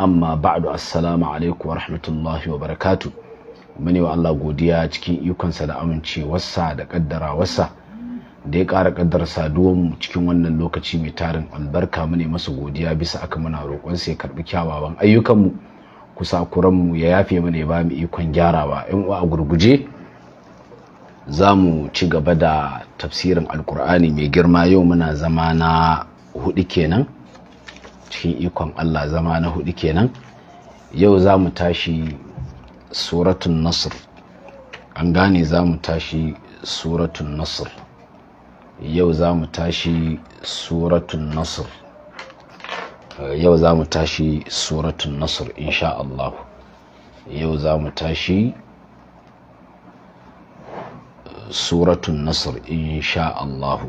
amma ba'du assalamu alaikum wa rahmatullahi wa barakatu mani wa Allah godiya cikin ikonsa da amincewarsa da kaddarawarsa da ya ƙara kaddar saduwar mu cikin wannan lokaci mai tarin albarka mune masa godiya bisa aka muna roƙon sai karɓi kyawawan ayyukanmu kusa kuran ya yafe mana ya ba mu ikon gyarawa in uwa a gurguje za mu ci gaba da tafsirin alkur'ani mai girma yau muna zama na hudu kenan cikin ikon Allah zama na hudu kenan yau za mu tashi suratun nasr an gane za mu tashi suratun nasr yau za mu tashi suratun nasr yau za mu tashi suratun nasr insha Allah yau za mu tashi suratun nasr insha Allah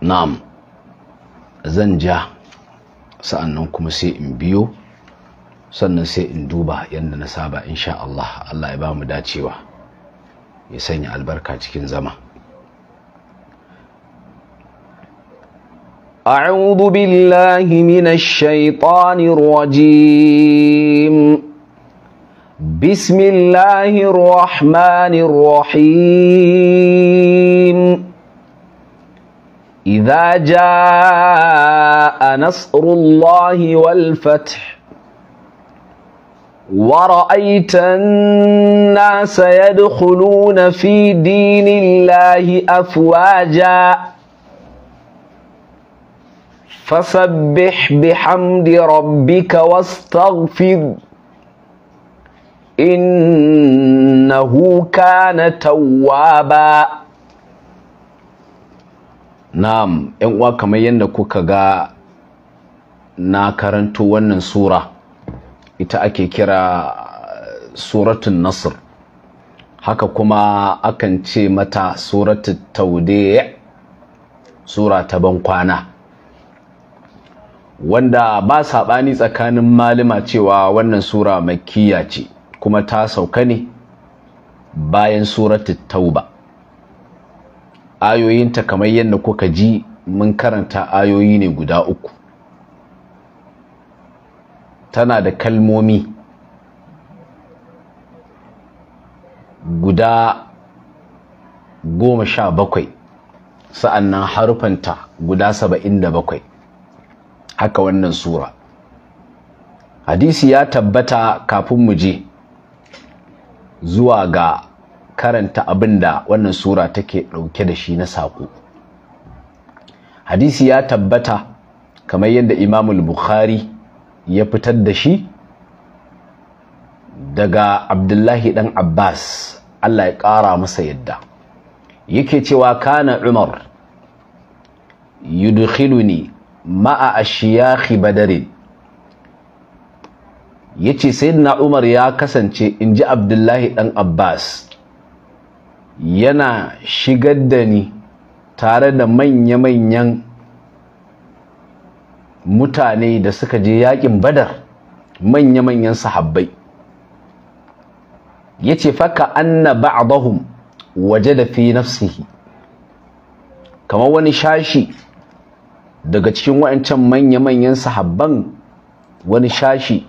na'am zan ja sa'annan kuma sai in biyo sannan sai in duba yadda na saba insha Allah Allah ya ba mu dacewa ya sanya albarka cikin zama أعوذ بالله من الشيطان الرجيم بسم الله الرحمن الرحيم إذا جاء نصر الله والفتح ورأيت الناس يدخلون في دين الله أفواجا فسبح بحمد ربك واستغفر إنه كان توابا na'am yan uwa kamar yadda kuka ga na karanto wannan sura ita ake kira eh, suratun nasr haka kuma akan ce mata suratun taude sura ta bankwana wanda ba saɓani tsakanin malima cewa wannan sura makkiya ce kuma ta sauka ne bayan suratun tauba ayoyinta kamar yadda kuka ji mun karanta ayoyi ne guda uku tana da kalmomi guda goma sha bakwai sa'annan harufanta guda saba'in da bakwai haka wannan sura hadisi ya tabbata kafin mu je zuwa ga karanta abin da wannan sura take ɗauke da shi na saƙo hadisi ya tabbata kamar yadda imamul bukhari ya fitar da shi daga abdullahi ɗan abbas allah ya ƙara masa yadda yake cewa kana umar yudkhiluni ma'a ashiyahi badarin yace na umar ya kasance in ji abdullahi ɗan abbas yana shigar da ni tare da manya-manyan mutane da suka je yakin badar manya-manyan sahabbai ya ce faka anna ba'dahum waje da fi nafsihi kamar wani shashi daga cikin wa'ancan manya-manyan sahabban wani shashi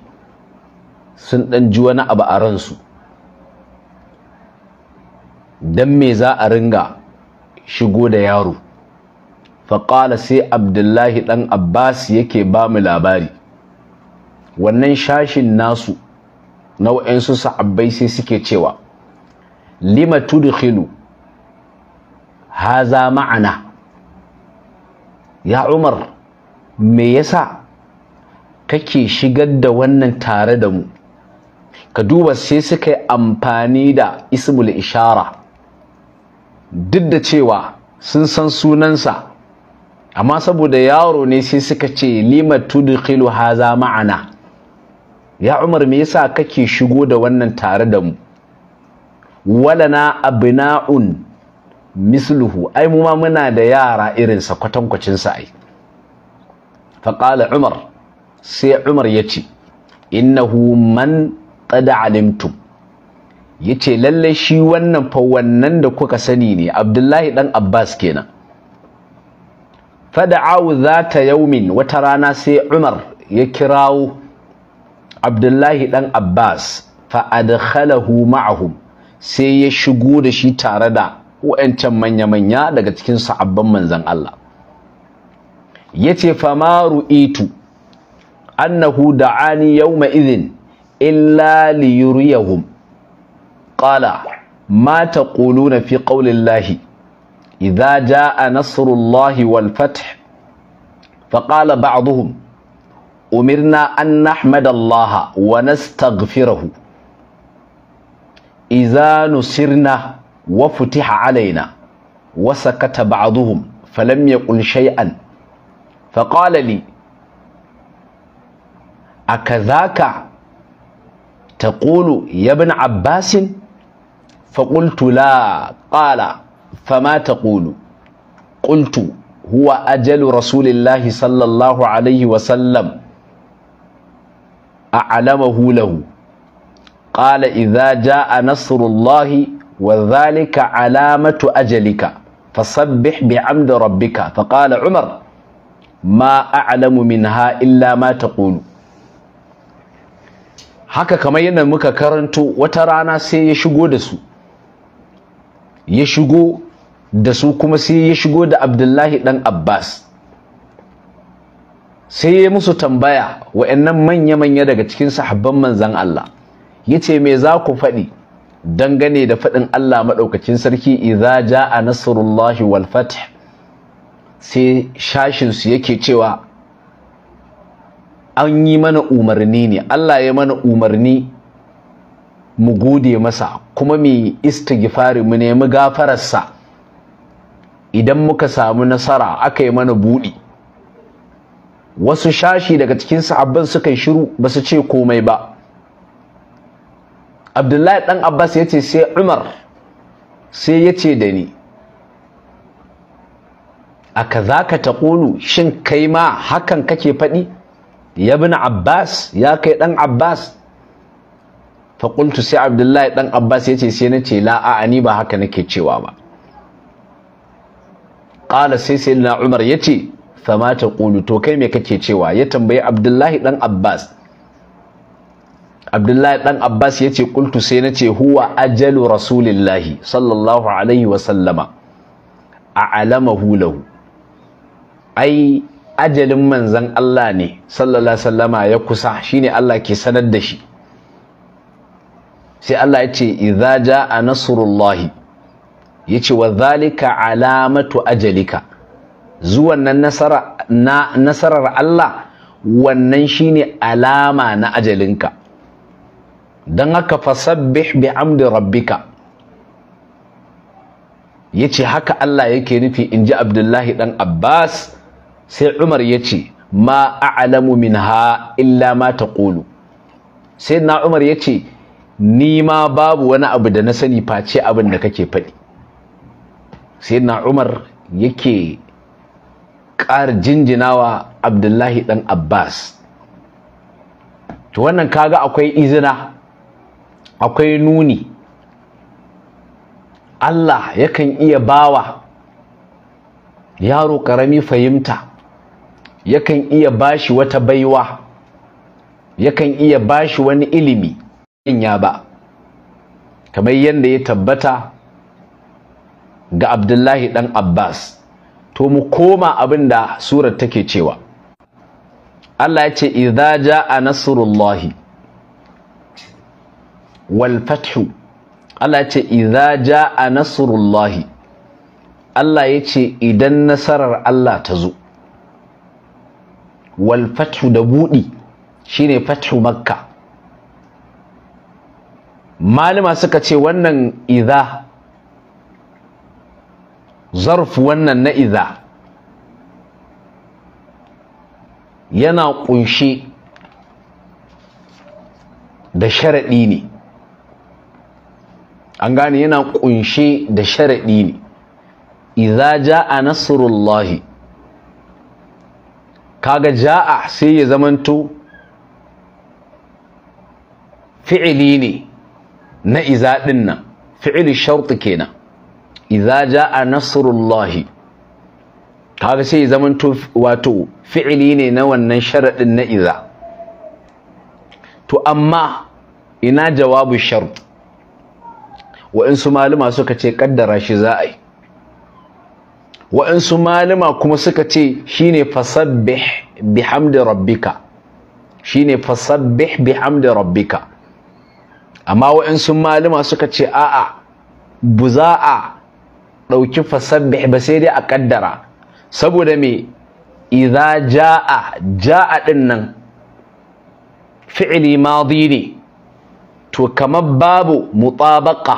sun ɗan ji wani abu a ransu don me za a ringa shigo da yaro faƙala sai abdullahi ɗan abbas yake ba mu labari wannan shashin nasu na nau'insu sa'abbai sai suke cewa lima tudkhilu haza ma'ana ya umar me yasa kake shigar da wannan tare da mu ka duba sai suka yi amfani da ismul ishara duk da cewa sun san sunansa amma saboda yaro ne sai suka ce lima tudkhilu haza ma'ana ya umar me yasa kake shigo da wannan tare da mu walana abna'un misluhu ai mu ma muna da yara irin sa kwatankwacin sa ai fa qala umar sai umar yace innahu man qad alimtum yace lallai shi wannan fa wannan da kuka sani ne Abdullahi dan Abbas kenan fada'u zata yaumin wata rana sai Umar ya kirawo Abdullahi dan Abbas fa adkhalahu ma'ahum sai ya shigo da shi tare da wa'ancan manya-manya daga cikin sahabban manzon Allah yace famaru itu annahu da'ani yawma idhin illa liyuriyahum qala ma taquluna fi qaulillahi idza jaa nasrullahi wal fath فقال بعضهم أمرنا أن نحمد الله ونستغفره إذا نصرنا وفتح علينا وسكت بعضهم فلم يقل شيئا فقال لي أكذاك تقول يا ابن عباس faƙultu la ƙala fama ta ƙulu ƙultu huwa ajalu rasulillahi sallallahu alaihi wasallam a alamahu lahu ƙala idza ja'a nasrullahi وذلك علامة أجلك فصبح بعمد ربك فقال عمر ما أعلم منها ma ta تقول haka kamar yadda muka karanto wata rana sai ya shigo da su ya shigo da su kuma sai ya shigo da abdullahi ɗan abbas sai ya musu tambaya wa'annan manya-manya daga cikin sahabban manzan Allah ya ce me za ku faɗi dangane da faɗin Allah maɗaukacin sarki idza a nasrullahi wal fath sai shashinsu yake cewa an yi mana umarni ne Allah ya mana umarni mu gode masa kuma mu yi gifari mu nemi gafararsa idan muka samu nasara aka yi mana buɗi wasu shashi daga cikin sahabban suka yi shiru ba su ce komai ba abdullahi ɗan abbas ya ce sai umar sai ya ce da ni a ka za ka taƙulu shin kai ma hakan kake faɗi ya abbas ya kai ɗan abbas faƙultu sai abdullahi ɗan abbas ya ce sai na ce la'a ni ba haka nake cewa ba ƙala sai sai na umar ya ce fama ta ƙulu to kai mai kake cewa ya tambayi abdullahi ɗan abbas abdullahi ɗan abbas ya ce ƙultu sai na ce huwa ajalu rasulillahi sallallahu alaihi wasallama a alama lahu ai ajalin manzan Allah ne sallallahu alaihi wasallama ya kusa shi ne Allah ke sanar da shi sai Allah ya ce idza jaa nasrullahi yace wa zalika alamatu ajalika zuwan nan nasara na nasarar Allah wannan shine alama na ajalinka dan haka fasabbih bihamdi rabbika yace haka Allah yake nufi inji Abdullahi dan Abbas sai Umar yace ma a'lamu minha illa ma taqulu sai na Umar yace ni ma babu wani abu da na sani face abin da kake faɗi Sai umar yake ƙara jinjinawa abdullahi ɗan abbas to wannan kaga akwai izina akwai nuni allah yakan iya bawa yaro ƙarami fahimta yakan iya bashi wata baiwa yakan iya bashi wani ilimi sanya ba kamar yadda ya tabbata ga abdullahi ɗan abbas to mu koma abin da surar take cewa Allah ya ce idza jaa nasrullahi wal fathu Allah ya ce idza jaa nasrullahi Allah ya ce idan nasarar Allah ta zo wal fathu da budi shine fathu makka malama suka ce wannan idha zarf wannan na idha yana kunshe da sharadi ne an gane yana kunshe da sharaɗi ne idha jaa nasrullahi kaga jaa sai ya zamanto fi'ili ne na iza din nan fi'il shart kenan iza jaa nasrullahi kaga sai zaman to wato fi'ili ne na wannan sharadin na iza to amma ina jawabu shart wa'insu malama suka ce kaddara shi za a yi wa'insu malama kuma suka ce shine fasabbih bihamdi rabbika shine fasabbih bihamdi rabbika amma waɗansu malama suka ce a'a bu za a ɗauki fasabbih ba sai dai a ƙaddara saboda me idza jaa jaa ɗin nan fi'ili madi ne to kamar babu mutabaqa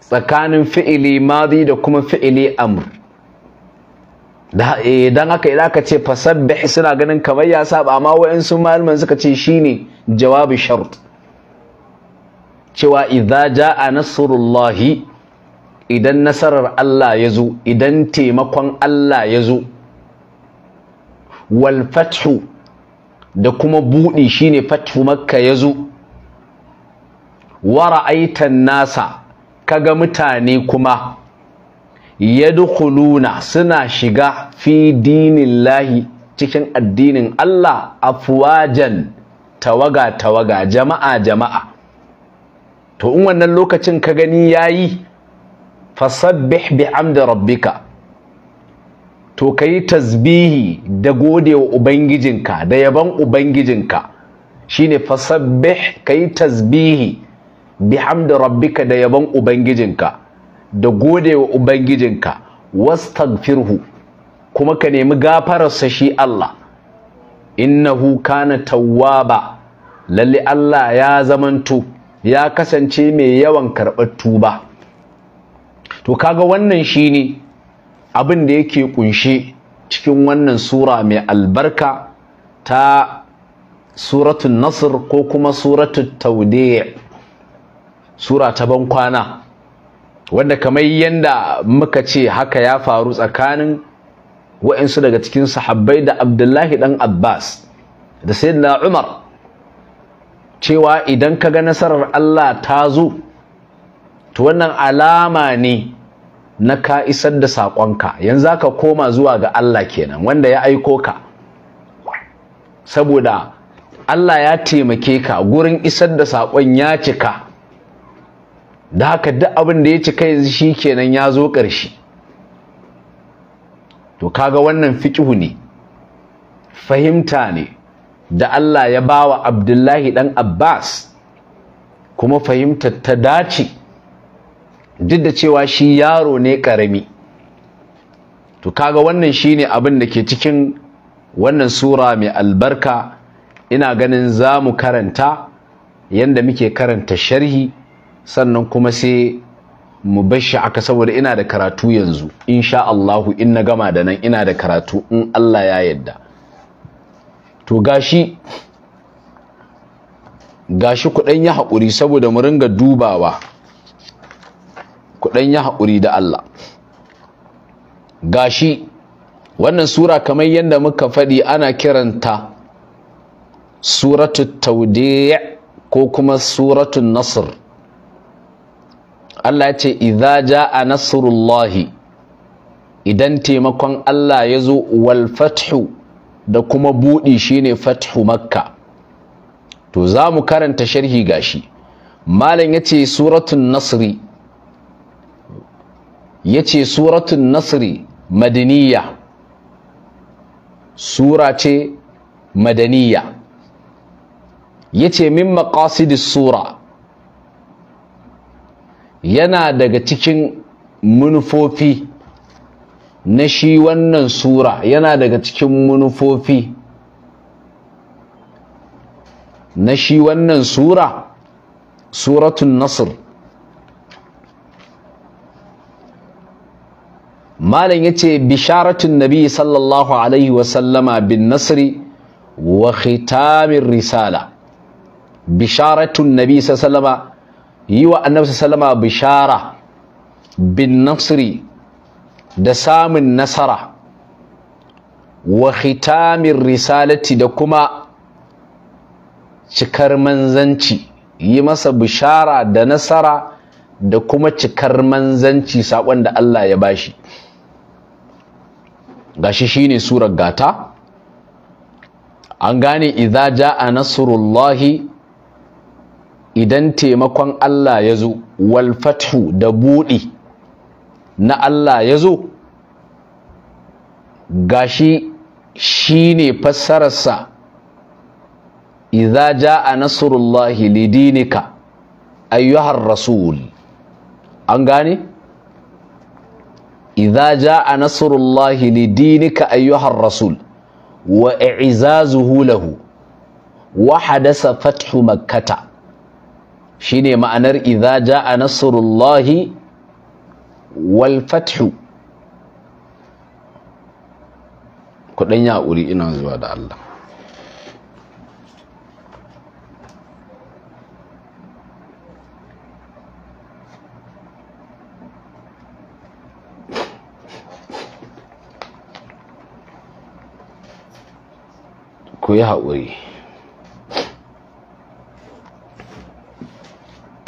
tsakanin fi'ili madi da kuma fi'ili amr eh, dan haka idan aka ce fasabbih suna ganin kamar ya saba amma wayansu malaman suka ce shine jawabi shart cewa idza jaa nasrullahi idan nasarar Allah ya zo idan taimakon Allah ya zo wal fathu da kuma buɗi shine fathu makka ya zo wa ra'aitan nasa kaga mutane kuma yadkhuluna suna shiga fi dinillahi cikin addinin Allah afwajan tawaga tawaga jama'a jama'a to in wannan lokacin ka gani yayi fasabbih bihamdi rabbika to kayi tasbihi da godewa ubangijinka da yaban ubangijinka shine fasabbih kayi tasbihi bihamdi rabbika da yaban ubangijinka da godewa ubangijinka wastagfirhu kuma ka nemi gafararsa shi Allah innahu kana tawwaba lalle Allah ya zamanto ya kasance mai yawan karɓar tuba to kaga wannan shine abin da yake kunshe cikin wannan sura mai albarka ta Suratun nasr ko kuma Suratun taudi' sura ta bankwana wanda kamar yadda muka ce haka ya faru tsakanin wa'insu daga cikin sahabbai da Abdullahi ɗan Abbas da Sayyidina Umar cewa idan ka ga nasarar Allah ta zo to wannan alama ne na ka isar da saƙonka yanzu ka koma zuwa ga Allah kenan wanda ya aiko ka saboda Allah ya taimake ka gurin isar da saƙon ya cika da haka duk abin da ya cika yanzu shi kenan ya zo ƙarshe to kaga wannan fiƙihu ne fahimta ne da Allah ya bawa Abdullahi ɗan Abbas kuma fahimtar ta dace duk da cewa shi yaro ne ƙarami. to kaga wannan shi ne abin da ke cikin wannan sura mai albarka ina ganin za mu karanta yadda muke karanta sharhi sannan kuma sai mu bashi aka saboda ina da karatu yanzu insha Allahu in na gama da nan ina da karatu in Allah ya yadda to gashi gashi kuɗan ya haƙuri saboda mu ringa dubawa kuɗan ya haƙuri da Allah gashi wannan sura kamar yadda muka faɗi ana kiranta suratu tawdi' ko kuma suratu nasr Allah ya ce idza jaa nasrullahi idan taimakon Allah ya zo wal fathu da kuma buɗi shine fathu makka to za mu karanta sharhi gashi malam ya ce suratun nasri ya ce suratun nasri madaniya sura ce madaniya ya ce min maƙasidis sura yana daga cikin manufofi na shi wannan sura yana daga cikin manufofi na shi wannan sura suratun nasr malam ce bisharatun nabi sallallahu alaihi wasallama bin nasiri wa khitamin risala bisharatun nabi sallallahu alaihi wasallama yi wa annabi sallallahu alaihi wasallama bishara bin nasiri da samun nasara wa hitamin risalati da kuma cikar manzanci yi masa bishara da nasara da kuma cikar manzanci saƙon da Allah ya bashi gashi shine surar gata an gane idza jaa nasrullahi idan taimakon Allah ya zo wal da buɗe. na Allah ya zo gashi shi ne fassararsa idza jaa nasrullahi lidinika ayyuhar rasul an gane idza jaa nasrullahi lidinika ayyuhar rasul wa i'zazuhu lahu wa hadasa fathu makkata shine ma'anar idza jaa nasrullahi والفتح كدن kudin yaƙuri ina zuwa da Allah ku yi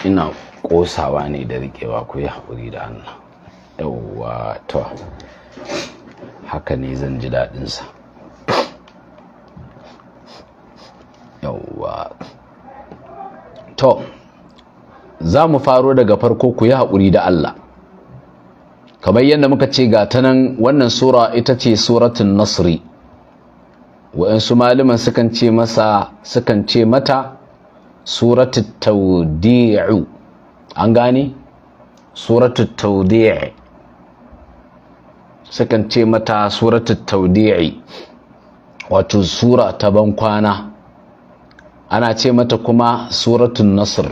ina ƙosawa ne da rikewa ku yi haƙuri da Allah yauwa to haka ne zan ji daɗinsa yauwa to za mu faro daga farko ku yi haƙuri da Allah kamar yadda muka ce ga ta nan wannan sura ita ce suratun nasri wa'insu maliman sukan ce masa sukan ce mata suratun taudi'u an gane suratun taudi'u sukan ce mata suratul taudi'i wato sura ta bankwana ana ce mata kuma suratul nasr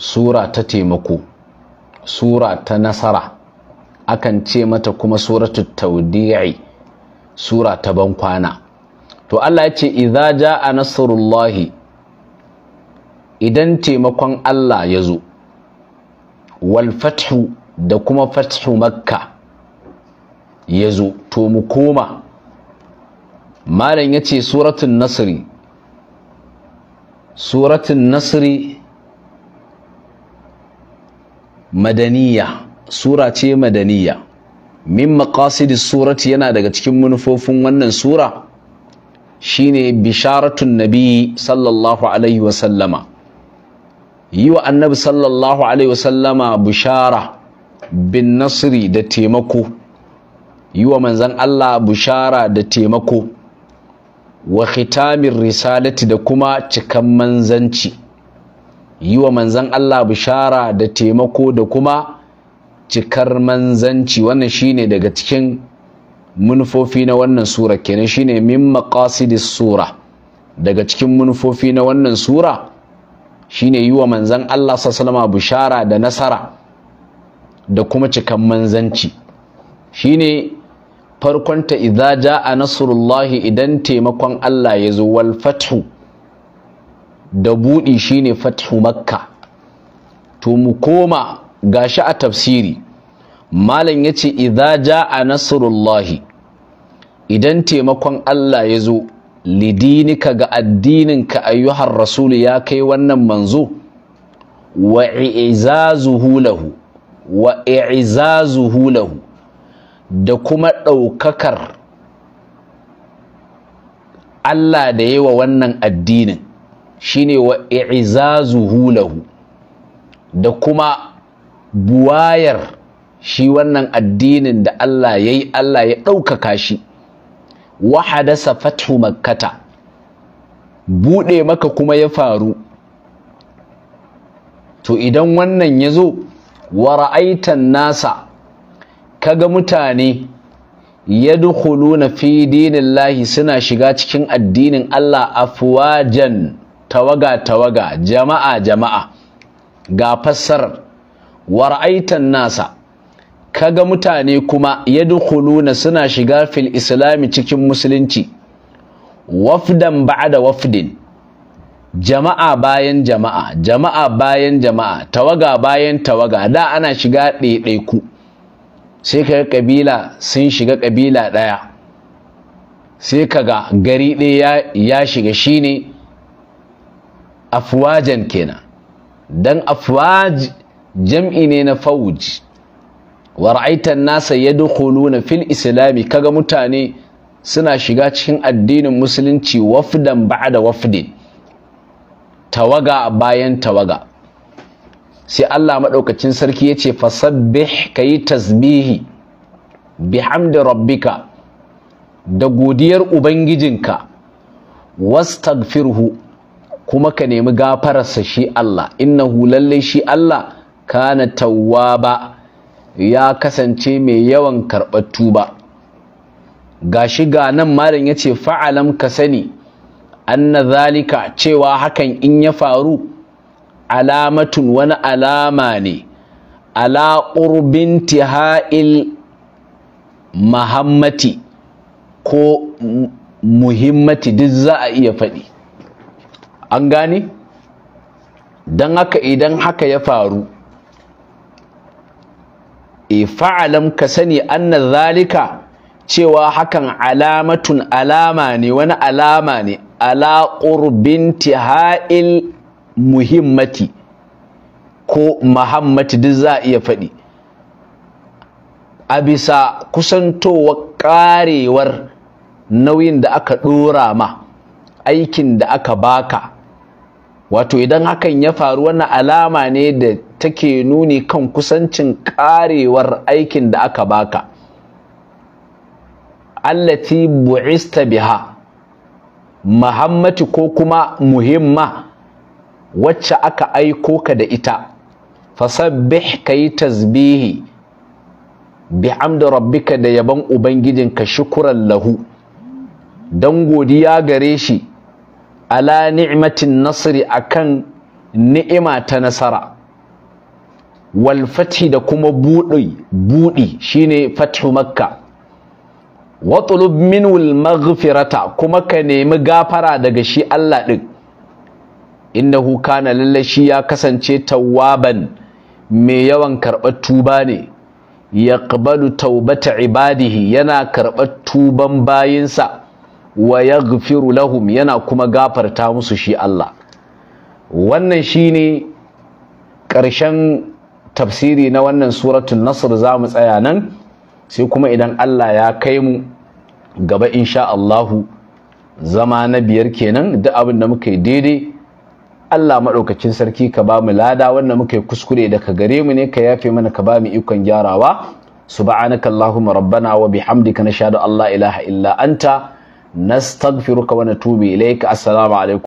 sura ta taimako sura ta nasara akan ce mata kuma suratul taudi'i sura ta bankwana to Allah ya ce idza jaa nasrullahi idan taimakon Allah ya zo wal fathu da kuma fathu makka ya zo to mu koma malam ya ce suratun nasiri suratun nasiri madaniya sura ce madaniya min maqasidis surati yana daga cikin manufofin wannan sura shine bisharatun nabi sallallahu alaihi wasallama yi wa annabi sallallahu alaihi wasallama bishara bin nasri da taimako yi wa manzan Allah bushara da taimako wa khitamin risalati da kuma cikan manzanci yi wa manzan Allah bushara da taimako da kuma cikar manzanci wannan shine daga cikin munfofi na wannan sura kenan shine min maqasidis sura daga cikin munfofi na wannan sura shine yi wa manzan Allah salama bushara da nasara da kuma cikan manzanci shine farkonta idza jaa nasrullahi idan taimakon Allah ya zo wal fathu da budi shine fathu makka to mu koma gashi a tafsiri malam yace idza a nasrullahi idan taimakon Allah ya zo lidinika ga addininka ayyuhar rasulu ya kai wannan manzo wa i'izazuhu lahu wa i'izazuhu lahu da kuma ɗaukakar Allah da yi wa wannan addinin shine wa i'zazuhu lahu da kuma buwayar shi wannan addinin da Allah ya yi Allah ya ɗaukaka shi wa hadasa makkata buɗe maka kuma ya faru to idan wannan ya zo wa ra'aitan nasa kaga mutane na fi lahi suna shiga cikin addinin Allah afwajan tawaga tawaga jama'a jama'a ga fassar, war'aitan nasa kaga mutane kuma na suna shiga fil islami cikin musulunci wafdan da wafdin jama'a bayan jama'a jama'a bayan jama'a tawaga bayan tawaga da ana shiga ɗaiɗaiku sai ka kabila sun shiga kabila ɗaya sai ka ga gari ɗaya ya shiga shi ne. afwajan kenan Don afuwaj jam'i ne na fauj wa ra'aitan nasa na fil islami kaga mutane suna shiga cikin addinin musulunci wafdan da wafdin tawaga bayan tawaga sai Allah maɗaukacin sarki ya ce fasabbih ka yi tasbihi hamdi rabbika da godiyar ubangijinka wastagfirhu kuma ka nemi gafararsa shi Allah innahu lallai shi Allah kana tawwaba ya kasance mai yawan karɓar tuba gashi ga nan malam yace fa'alam ka sani anna zalika cewa hakan in ya faru alamatun wani alama ne ala ƙurbin tiha'il mahammati ko muhimmati duk za a iya faɗi an gane don haka idan haka ya faru e fa'alam ka sani anna zalika cewa hakan alamatun alama ne wani alama ne ala ƙurbin tiha'il muhimmati ko mahammati duk za a iya faɗi a bisa kusantowa ƙarewar nauyin da aka ɗora ma aikin da aka baka wato idan hakan ya faru wannan alama ne da take nuni kan kusancin ƙarewar aikin da aka baka allati bu'ista biha muhammati ko kuma muhimma wacce aka aiko ka da ita fasabbih kayi tasbihi bi bihamdi rabbika da yaban ubangijin ka shukuran lahu dan godiya gare shi ala ni'matin nasri akan ni'ima ta nasara wal fathi da kuma budi budi shine fathu makka wa tulub minhu al maghfirata kuma ka nemi gafara daga shi Allah din innahu kana lalle shi ya kasance tawwaban mai yawan karɓar tuba ne yaqbalu taubata ibadihi yana karɓar tuban bayinsa wa yaghfiru lahum yana kuma gafarta musu shi Allah wannan shine ƙarshen tafsiri na wannan suratul nasr za mu tsaya nan sai kuma idan Allah ya kai mu gaba insha Allahu zama na biyar kenan duk abin da muka yi daidai Allah maɗaukacin sarki ka ba mu lada wanda muka yi kuskure daga gare mu ne ka yafe mana ka ba mu ikon gyarawa subhanaka allahumma rabbana wa bihamdika nashhadu an la ilaha illa anta nastaghfiruka wa natubu ilayka assalamu alaikum